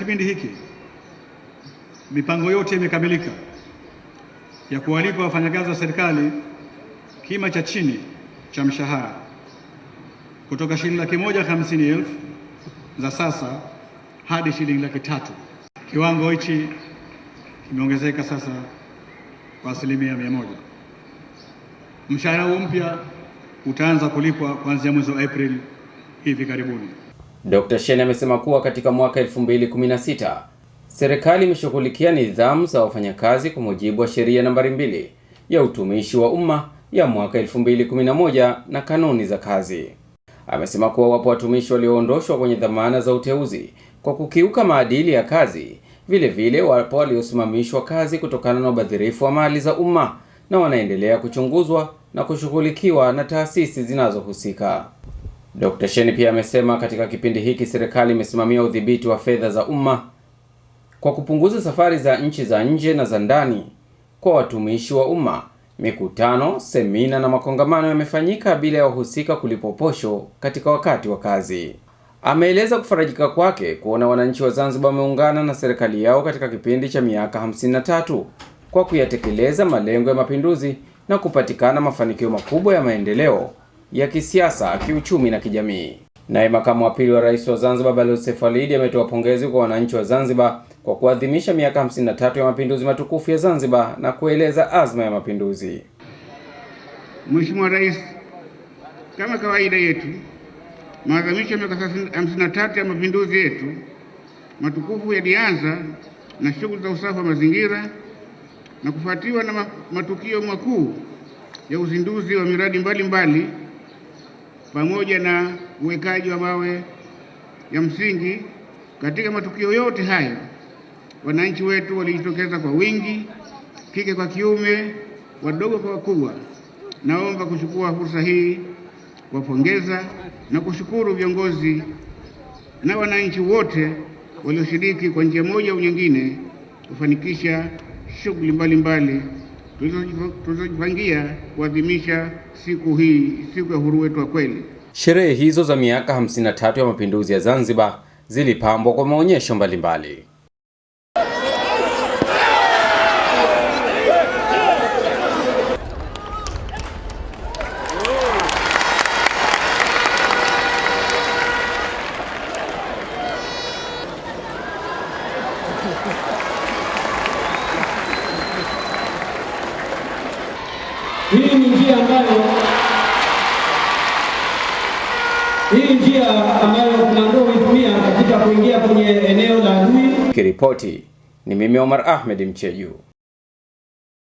kipindi hiki mipango yote imekamilika ya kuwalipa wafanyakazi wa serikali kima cha chini cha mshahara kutoka shilingi laki moja hamsini elfu za sasa hadi shilingi laki tatu. Kiwango hichi kimeongezeka sasa kwa asilimia mia moja. Mshahara huu mpya utaanza kulipwa kuanzia mwezi wa Aprili hivi karibuni. Dr. Shein amesema kuwa katika mwaka 2016 serikali imeshughulikia nidhamu za wafanyakazi kwa mujibu wa sheria nambari mbili ya utumishi wa umma ya mwaka 2011 na kanuni za kazi. Amesema kuwa wapo watumishi walioondoshwa kwenye dhamana za uteuzi kwa kukiuka maadili ya kazi. Vile vile wapo waliosimamishwa kazi kutokana na ubadhirifu wa mali za umma na wanaendelea kuchunguzwa na kushughulikiwa na taasisi zinazohusika. Dr. Sheni pia amesema katika kipindi hiki serikali imesimamia udhibiti wa fedha za umma kwa kupunguza safari za nchi za nje na za ndani kwa watumishi wa umma. Mikutano, semina na makongamano yamefanyika bila ya wahusika kulipwa posho katika wakati wa kazi. Ameeleza kufarajika kwake kuona wananchi wa Zanzibar wameungana na serikali yao katika kipindi cha miaka 53 kwa kuyatekeleza malengo ya mapinduzi na kupatikana mafanikio makubwa ya maendeleo ya kisiasa, kiuchumi na kijamii. Naye makamu wa pili wa rais wa Zanzibar Balozi Seif Ali ametoa pongezi kwa wananchi wa Zanzibar kwa kuadhimisha miaka 53 ya mapinduzi matukufu ya Zanzibar na kueleza azma ya mapinduzi. Mheshimiwa Rais, kama kawaida yetu, maadhimisho ya miaka 53 ya mapinduzi yetu matukufu yalianza na shughuli za usafi wa mazingira na kufuatiwa na matukio makuu ya uzinduzi wa miradi mbalimbali mbali pamoja na uwekaji wa mawe ya msingi. Katika matukio yote hayo, wananchi wetu walijitokeza kwa wingi, kike kwa kiume, wadogo kwa wakubwa. Naomba kuchukua fursa hii kuwapongeza na kushukuru viongozi na wananchi wote walioshiriki kwa njia moja au nyingine kufanikisha shughuli mbalimbali tulizojipangia kuadhimisha siku hii, siku ya uhuru wetu wa kweli. Sherehe hizo za miaka 53 ya mapinduzi ya Zanzibar zilipambwa kwa maonyesho mbalimbali. ambayo hii njia ambayo tunaambiwa kuitumia katika kuingia kwenye eneo la adui. Kiripoti ni mimi Omar Ahmed Mcheju.